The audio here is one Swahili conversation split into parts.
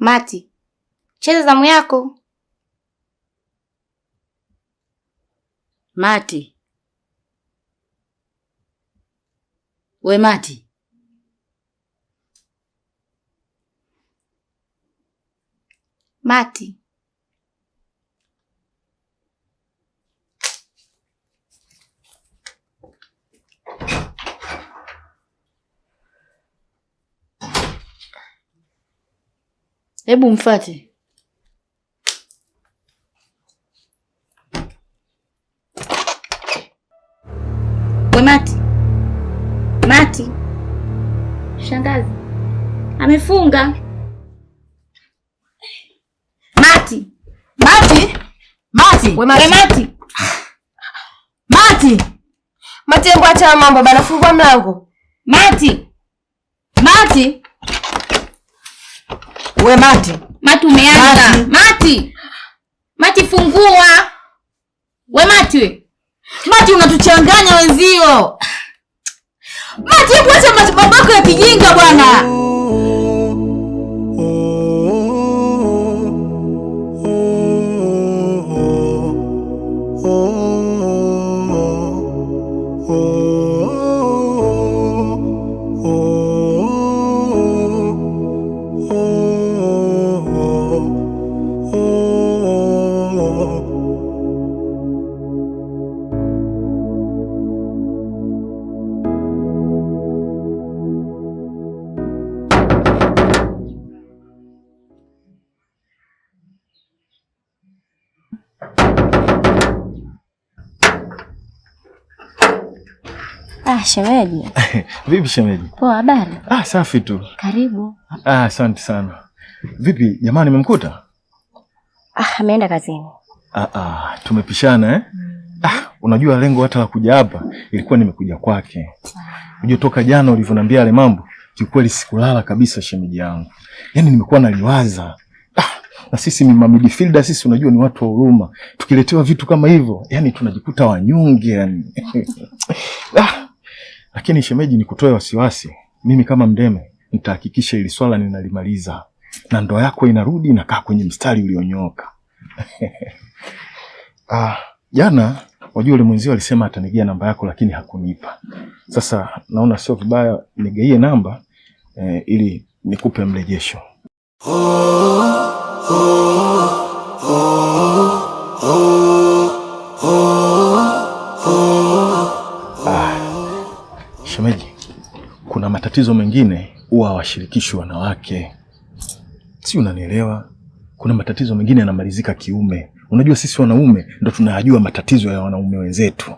Mati, cheza zamu yako. Mati, we Mati, Mati. Hebu mfate. We Mati, Mati, shangazi amefunga. Mati, Mati, Mati, we Mati, we Mati, Mati, Mati, acha mambo bana, fungua mlango Mati, Mati We Mati, Mati umeanza. Mati, Mati fungua. We Mati, Mati unatuchanganya wenzio. Mati, hebu acha mababako ya kijinga bwana. Shemeji. Vipi shemeji? Poa, habari? Ah, safi tu. Karibu. Ah, asante sana. Vipi jamani, memkuta? Ah, ameenda kazini. Ah, ah, tumepishana eh? Mm. Ah, unajua lengo hata la kuja hapa ilikuwa nimekuja kwake. Unajua ah, toka jana ulivyoniambia yale mambo, kiukweli sikulala kabisa shemeji yangu. Yaani nimekuwa naliwaza. Ah, na sisi ni mamidfielder sisi, unajua ni watu wa huruma. Tukiletewa vitu kama hivyo, yani tunajikuta wanyonge yani. ah, lakini shemeji, ni kutoe wasiwasi, mimi kama Mdeme nitahakikisha ili swala ninalimaliza na ndoa yako inarudi inakaa kwenye mstari ulionyooka. Ah, jana wajua yule mwenzio alisema atanigia namba yako lakini hakunipa. Sasa naona sio vibaya nigeie namba eh, ili nikupe mrejesho. Oh, oh. matatizo mengine huwa hawashirikishi wanawake, si unanielewa? Kuna matatizo mengine yanamalizika kiume. Unajua sisi wanaume ndo tunayajua matatizo ya wanaume wenzetu.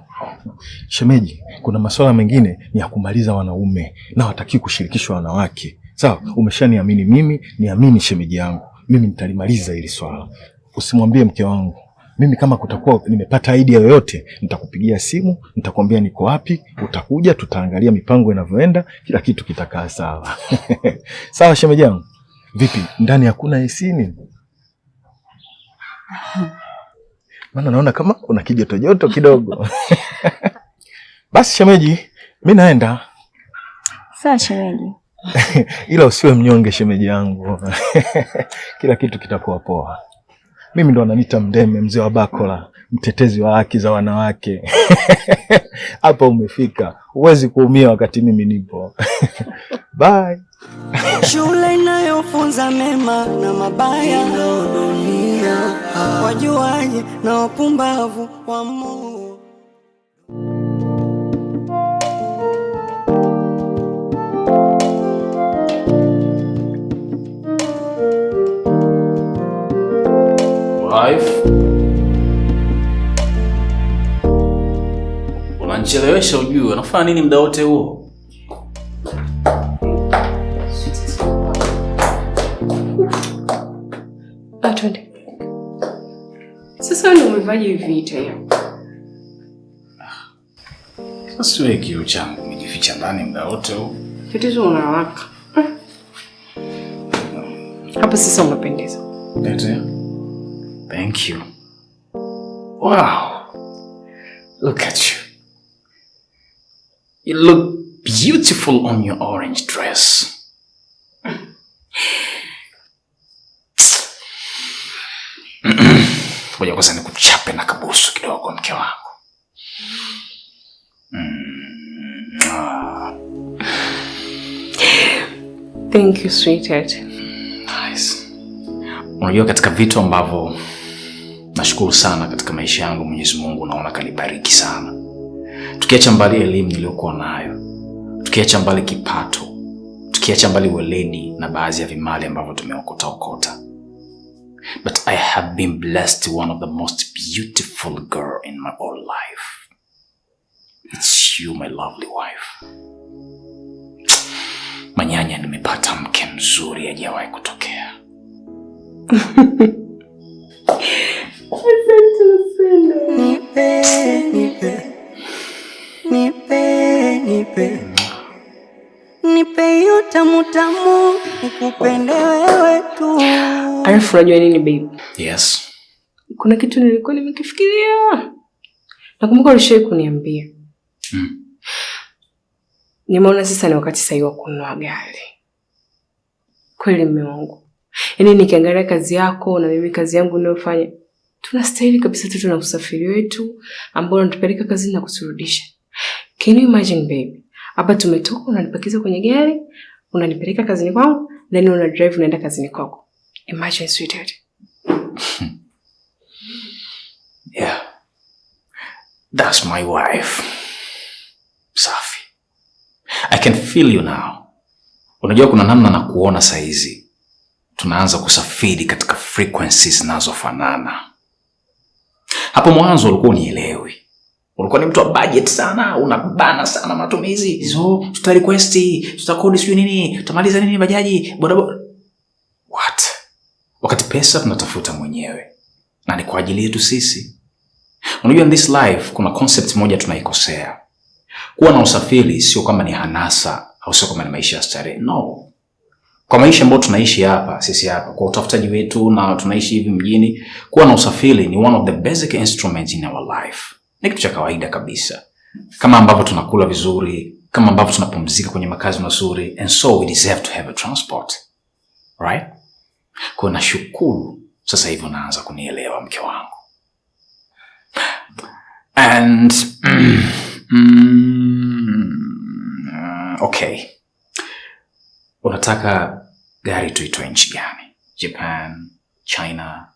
Shemeji, kuna masuala mengine ni ya kumaliza wanaume na wataki kushirikishwa wanawake. Sawa, umeshaniamini mimi, niamini shemeji yangu, mimi nitalimaliza hili swala. Usimwambie mke wangu mimi kama kutakuwa nimepata idea yoyote, nitakupigia simu, nitakwambia niko wapi, utakuja, tutaangalia mipango inavyoenda, kila kitu kitakaa sawa. Sawa shemeji yangu. Vipi, ndani hakuna AC nini? Maana naona kama kuna kijoto joto kidogo. Basi shemeji, mi naenda. Sawa shemeji. Ila usiwe mnyonge shemeji yangu. Kila kitu kitakuwa poa. Mimi ndo ananiita Mdeme, mzee wa bakola, mtetezi wa haki za wanawake hapa umefika, huwezi kuumia wakati mimi nipo bye. Shule inayofunza mema na mabaya, dunia wajuaji na wapumbavu wa Mungu. life. unanichelewesha ujue. Unafanya nini muda wote huo? Atwende. Sasa ndio umevaje hivi vita hiyo? Ah, sasa wewe kiu changu umejificha ndani muda wote huo. Tatizo unawaka. Hapa sasa unapendeza. Ndio. Thank you. Wow. Look at you. You look beautiful on your orange dress. Ngoja kwanza nikuchape na kabusu kidogo mke wangu. Thank you sweetheart. Nice. Unajua katika vitu ambavyo Nashukuru sana katika maisha yangu Mwenyezi Mungu, naona kanibariki sana. Tukiacha mbali elimu niliyokuwa nayo, tukiacha mbali kipato, tukiacha mbali weledi na baadhi ya vimali ambavyo tumeokota okota, but I have been blessed one of the most beautiful girl in my whole life. It's you my lovely wife. Manyanya, nimepata mke mzuri, ajawahi kutokea Asante Lusindo. Nipe, nipe. Nipe, nipe. Nipe hiyo tamu tamu nikupende wewe tu. Alafu unajua nini babe? Yes. Kuna kitu nilikuwa nimekifikiria. Nakumbuka ulishawahi kuniambia. Mm. Nimeona sasa ni wakati sahihi wa kununua gari. Kweli mume wangu. Yaani nikiangalia kazi yako na mimi kazi yangu ninayofanya tunastahili kabisa tuto na usafiri wetu ambao unatupeleka kazini na kuturudisha. Can you imagine baby? Hapa tumetoka, unanipakiza kwenye gari, unanipeleka kazini kwangu, then una drive unaenda kazini kwako. Imagine sweetheart. Yeah. That's my wife. Safi. I can feel you now. Unajua kuna namna na kuona saizi tunaanza kusafiri katika frequencies zinazofanana. Hapo mwanzo ulikuwa unielewi, ulikuwa ni mtu wa budget sana, unabana sana matumizi. So tuta request, tutakodi sijui nini, tutamaliza nini, bajaji, bodaboda, what, wakati pesa tunatafuta mwenyewe na ni kwa ajili yetu sisi. Unajua, in this life kuna concept moja tunaikosea, kuwa na usafiri sio kama ni hanasa au sio kama ni maisha ya starehe, no kwa maisha ambayo tunaishi hapa sisi hapa kwa utafutaji wetu na tunaishi hivi mjini, kuwa na usafiri ni one of the basic instruments in our life, ni kitu cha kawaida kabisa, kama ambavyo tunakula vizuri, kama ambavyo tunapumzika kwenye makazi mazuri, and so we deserve to have a transport right. Kwa nashukuru sasa hivi unaanza kunielewa mke wangu and mm, mm, okay Unataka gari tuitoe nchi gani? Japan, China?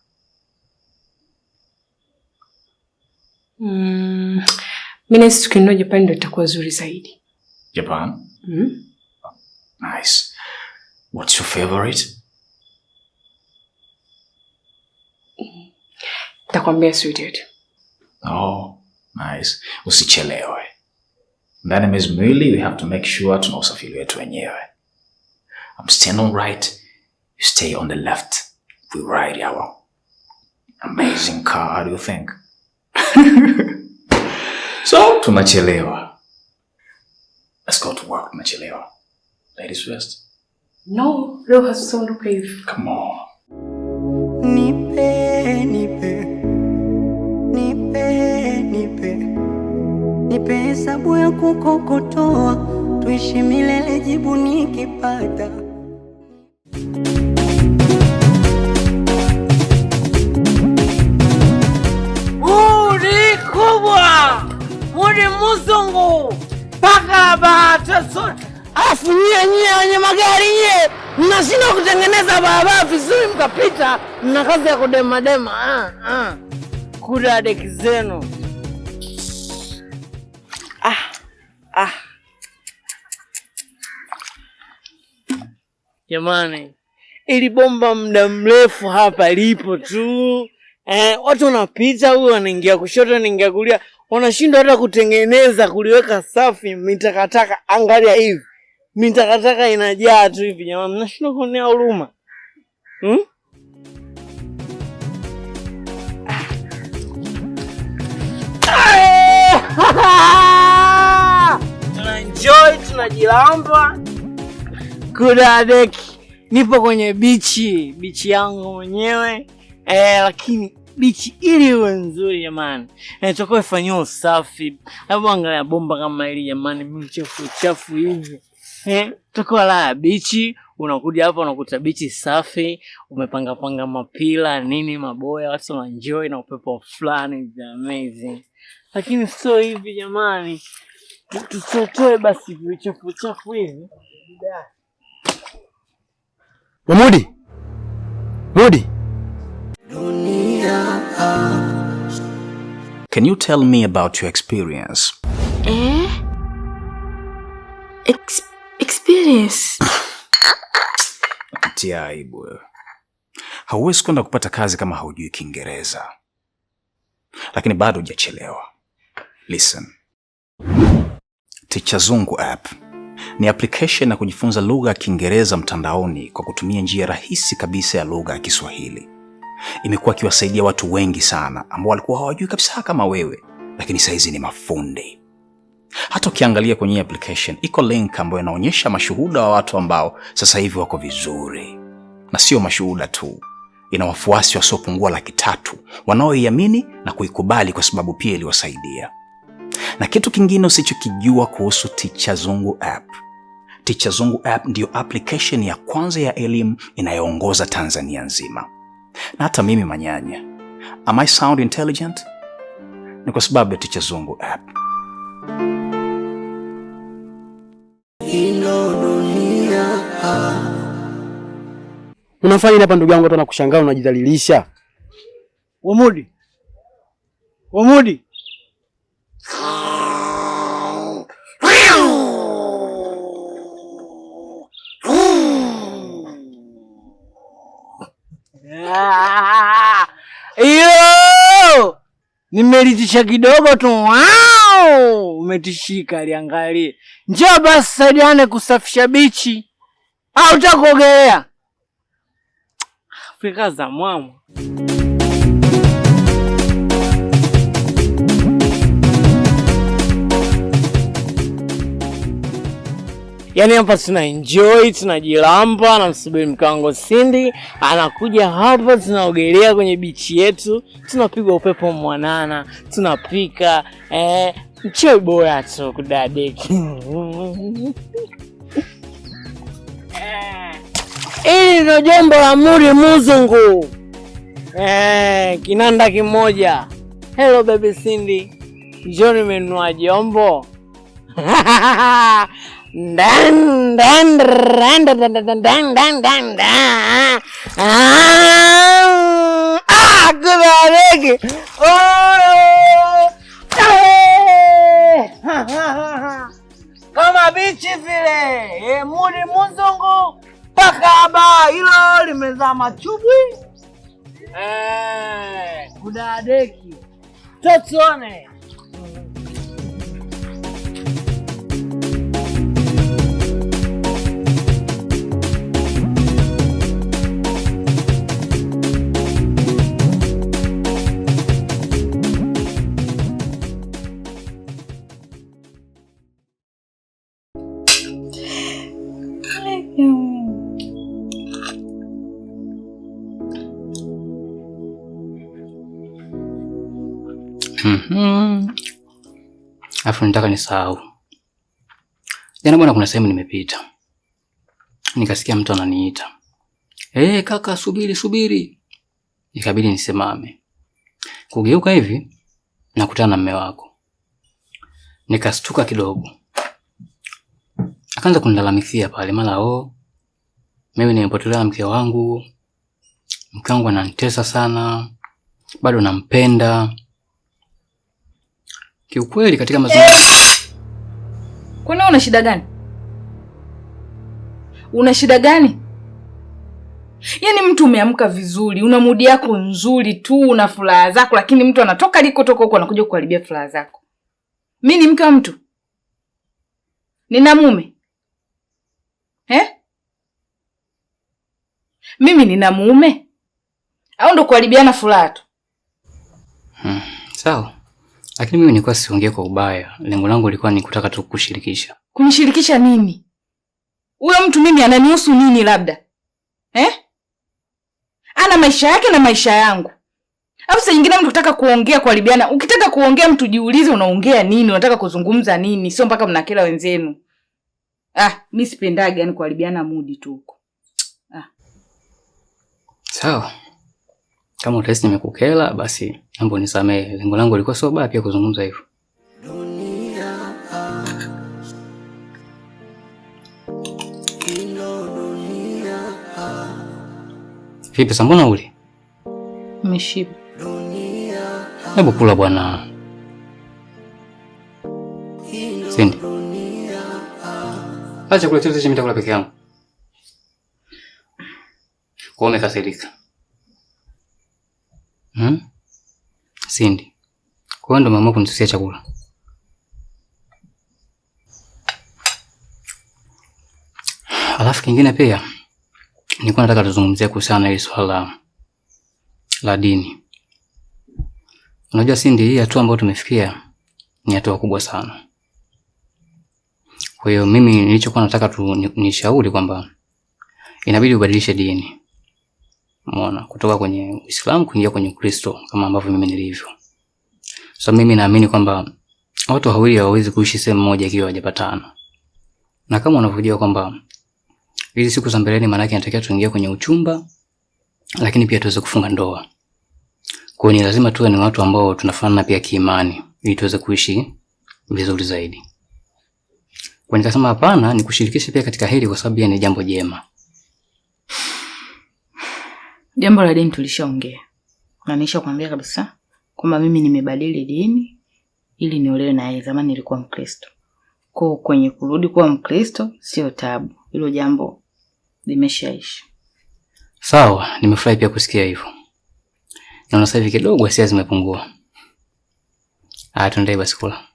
Mm, mi nahisi tukinunua Japan ndo itakuwa zuri zaidi. Japan? Mm. Nice. What's your favorite? Nitakwambia sweetheart. Oh, nice. Usichelewe. Ndani ya miezi miwili we have to make sure tuna usafiri wetu wenyewe. I'm standing right, you stay on the left. We ride our amazing car, how do you think? so to tunachelewa. Let's go to work, tunachelewa. Ladies first. No, leo has hatuondoke hivi. Come on. Nipe, nipe. ya kukokotoa, tuishi milele, jibu nikipata uri muzungu paka bahata Alafu nyie nyie wenye magari nyie mnashindwa kutengeneza barabara vizuri, mkapita mna kazi ya kudemadema ah, ah. Kula deki zenu ah, ah. Jamani, ili bomba muda mrefu hapa lipo tu eh, watu wanapita, huyu wanaingia kushoto, wanaingia kulia wanashindwa hata kutengeneza kuliweka safi. Mitakataka angalia hivi, mitakataka inajaa tu hivi. jamaa, mnashindwa kuonea huruma hmm? Tunaenjoy, tunajilamba kudadeki. Nipo kwenye bichi bichi yangu mwenyewe eh, lakini bichi ili iwe nzuri jamani, natoka ifanyia usafi, labda angalia bomba kama hili jamani, mchafu chafu hivi eh, toka la bichi unakuja hapa unakuta bichi safi, umepangapanga mapila nini maboya, watu wanaenjoy na upepo fulani amazing. Lakini sio hivi jamani, tutotoe basi vichafu chafu hivi. Mudi, Mudi Can you tell me about your experience? Eh? Ex experience? Tia aibu wewe. Hauwezi kwenda kupata kazi kama haujui Kiingereza, lakini bado hujachelewa. Listen. Ticha Zungu app ni application ya kujifunza lugha ya Kiingereza mtandaoni kwa kutumia njia rahisi kabisa ya lugha ya Kiswahili imekuwa ikiwasaidia watu wengi sana ambao walikuwa hawajui kabisa kama wewe, lakini saizi ni mafundi. Hata ukiangalia kwenye application iko link ambayo inaonyesha mashuhuda wa watu ambao sasa hivi wako vizuri, na sio mashuhuda tu, ina wafuasi wasiopungua laki tatu wanaoiamini na kuikubali kwa sababu pia iliwasaidia. Na kitu kingine usichokijua kuhusu Ticha Zungu app Ticha Zungu app ndiyo application ya kwanza ya elimu inayoongoza Tanzania nzima na hata mimi manyanya. Am I sound intelligent? Ni kwa sababu ya Ticha Zungu app. Unafanya hapa ndugu yangu, hata nakushangaa unajidhalilisha. Wamudi, Wamudi Nimelitisha kidogo tu. Wow! Umetishika, liangalie. Njoo basi saidiane kusafisha bichi. Au utakuogelea? Afrika za mwamu. Yaani hapa tuna enjoy, tunajilamba, namsubiri mkango Sindi anakuja hapa, tunaogelea kwenye bichi yetu, tunapigwa upepo mwanana, tunapika eh, mchoi boya tu kudadeki Hili ndio jombo la muri muzungu eh, kinanda kimoja. Hello baby Cindy, njoo nimenua jombo Oh, kama bichi vile e, mudi muzungu mpaka aba hilo limezama chubwi kudadeki eh, totsone nisahau. Jana bwana, kuna sehemu nimepita nikasikia mtu ananiita, hey, eh, kaka subiri subiri, ikabidi nisimame kugeuka hivi nakutana na mme wako, nikastuka kidogo. Akaanza kunilalamikia pale mara, oh, mimi nimepotelea mke wangu, mke wangu ananitesa sana, bado nampenda kiukweli katika mazungumzo Kwani una shida gani? Una shida gani? Yaani mtu umeamka vizuri, una mudi yako nzuri tu, una furaha zako, lakini mtu anatoka alikotoka huko anakuja kuharibia furaha zako. Mi ni mke wa mtu, nina mume eh? Mimi nina mume au ndo kuharibiana furaha tu? Hmm, sawa lakini mimi nilikuwa siongee kwa ubaya, lengo langu lilikuwa ni kutaka tu kushirikisha. Kunishirikisha nini? Huyo mtu mimi ananihusu nini? Labda eh? Ana maisha yake na maisha yangu. Au saa nyingine mtu kutaka kuongea kuharibiana. Ukitaka kuongea mtu jiulize unaongea nini, unataka kuzungumza nini, sio mpaka mnakela wenzenu. Ah, mi sipendagi yani kuharibiana mudi tu huko. Ah. Sawa. So. Kama utahisi nimekukela, basi naomba unisamehe. Lengo langu lilikuwa sio baya pia kuzungumza hivyo. Vipi sasa, mbona uli umeshiba? Hebu kula bwana. Sindi, acha kula chochote, mimi nitakula peke yangu. Kwa umekasirika Hmm? Sindi. Kwa hiyo ndo mama kunisusia chakula. Alafu kingine pia nilikuwa nataka tuzungumzie kuhusiana na hili swala la dini. Unajua Sindi, hii hatua ambayo tumefikia ni hatua kubwa sana. Kwa hiyo mimi nilichokuwa nataka tu nishauri kwamba inabidi ubadilishe dini. Umeona, kutoka kwenye Uislamu kuingia kwenye Ukristo kama ambavyo mimi nilivyo. So mimi naamini kwamba watu wawili hawawezi kuishi sehemu moja ikiwa hawajapatana. Na kama unavyojua kwamba ili siku za mbeleni, maana yake inatakiwa tuingie kwenye uchumba, lakini pia tuweze kufunga ndoa. Kwa hiyo ni lazima tuwe ni watu ambao tunafanana pia kiimani ili tuweze kuishi vizuri zaidi. Kwa nikasema hapana, nikushirikishe pia katika heri kwa sababu ni jambo jema. Jambo la dini tulishaongea, na nishakwambia kabisa kwamba mimi nimebadili dini ili niolewe na yeye. Zamani nilikuwa Mkristo, kwa kwenye kurudi kuwa Mkristo sio tabu, hilo jambo limeshaisha. Sawa, nimefurahi pia kusikia hivyo. Naona sasa hivi kidogo hisia zimepungua. Ah, tuendelee basi kula.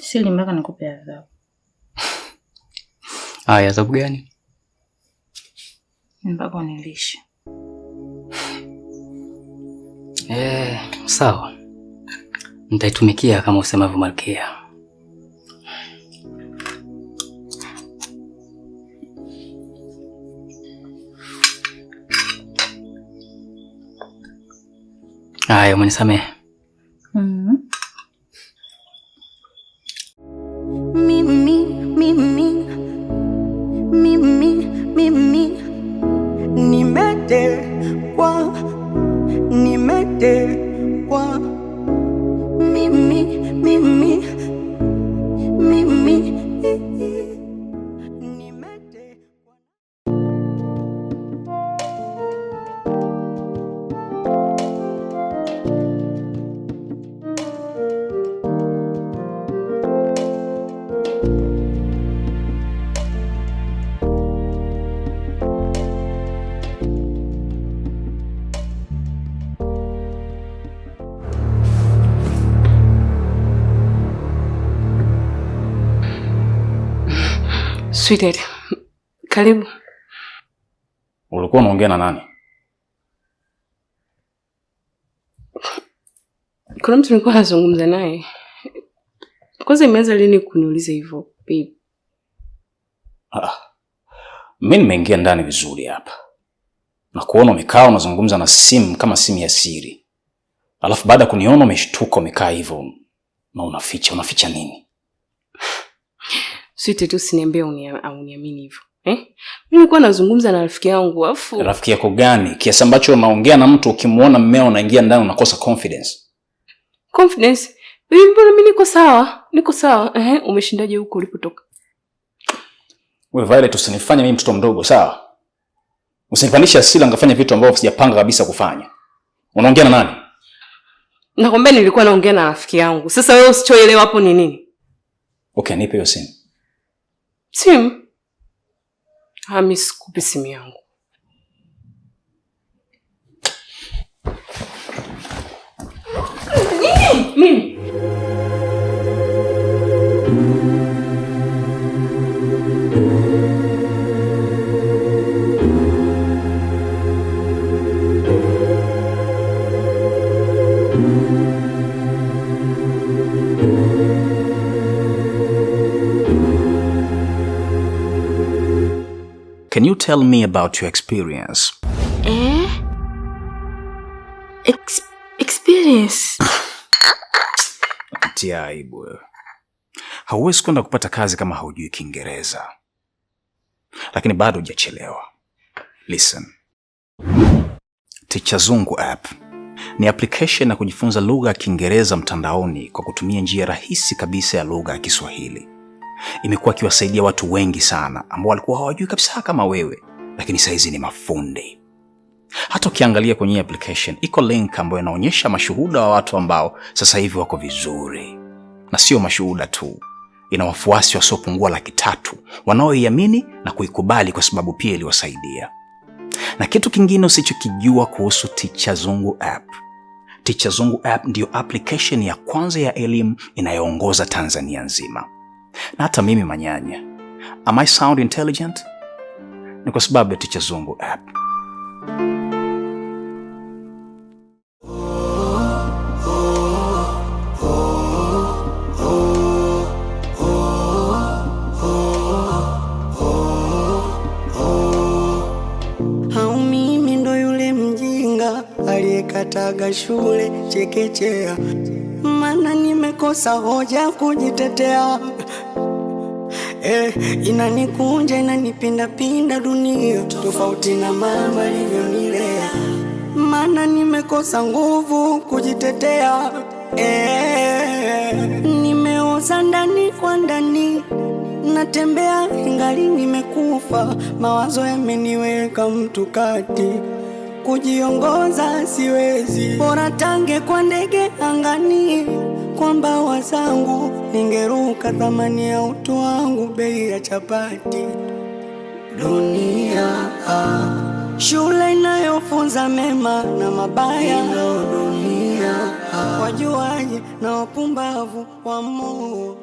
Sili mpaka nikupe adhabu. Aya, adhabu gani? Mpaka nilishe. Eh, sawa, nitaitumikia kama usemavyo Malkia. Haya, umenisamehe. Mm -hmm. Mimi, mimi Sweetheart, karibu. Ulikuwa unaongea na nani? Kuna mtu nilikuwa nazungumza naye. Kwanza imeanza lini kuniuliza hivyo babe? Ah, mi nimeingia ndani vizuri hapa na kuona umekaa unazungumza na simu kama simu ya siri, alafu baada ya kuniona umeshtuka umekaa hivyo na unaficha. Unaficha nini? Sisi tu siniambie uniamini hivyo. Eh? Mimi nilikuwa nazungumza na rafiki yangu afu Rafiki yako gani? Kiasi ambacho unaongea na mtu ukimwona mmea unaingia ndani unakosa confidence. Confidence? Mbona mimi niko sawa? Niko sawa. Eh, umeshindaje huko ulipotoka? Wewe Violet usinifanye mimi mtoto mdogo, sawa? usinifanishe asila ngafanya vitu ambavyo sijapanga kabisa kufanya. Unaongea na nani? Nakwambia nilikuwa naongea na rafiki yangu. Sasa wewe usichoelewa hapo ni nini? Okay, nipe hiyo simu. Kim? Ami, sikupi simu yangu. Nini? Nini? Can you tell me about your experience? Eh? Ex experience? Tia aibu wewe. Hauwezi kwenda kupata kazi kama haujui Kiingereza, lakini bado hujachelewa. Listen. Ticha Zungu app ni application ya kujifunza lugha ya Kiingereza mtandaoni kwa kutumia njia rahisi kabisa ya lugha ya Kiswahili imekuwa ikiwasaidia watu wengi sana ambao walikuwa hawajui kabisa kama wewe, lakini sahizi ni mafundi. Hata ukiangalia kwenye application iko link ambayo inaonyesha mashuhuda wa watu ambao sasa hivi wako vizuri, na sio mashuhuda tu, ina wafuasi wasiopungua laki tatu wanaoiamini na kuikubali kwa sababu pia iliwasaidia. Na kitu kingine usichokijua kuhusu Ticha Zungu app Ticha Zungu app ndiyo application ya kwanza ya elimu inayoongoza Tanzania nzima na hata mimi manyanya. Am I sound intelligent? Ni kwa sababu ya Ticha Zungu app. Kataga shule chekechea, mana nimekosa hoja kujitetea eh, inanikunja inanipindapinda dunia, tofauti na mama alivyonilea, maana nimekosa nguvu kujitetea eh, nimeoza ndani kwa ndani natembea ingali nimekufa, mawazo yameniweka mtu kati, kujiongoza siwezi, bora tange kwa ndege angani, kwa mbawa zangu ningeruka thamani ya utu wangu, bei ya chapati. Dunia ah. shule inayofunza mema na mabaya. Dunia ah. wajuaji na wapumbavu wa moo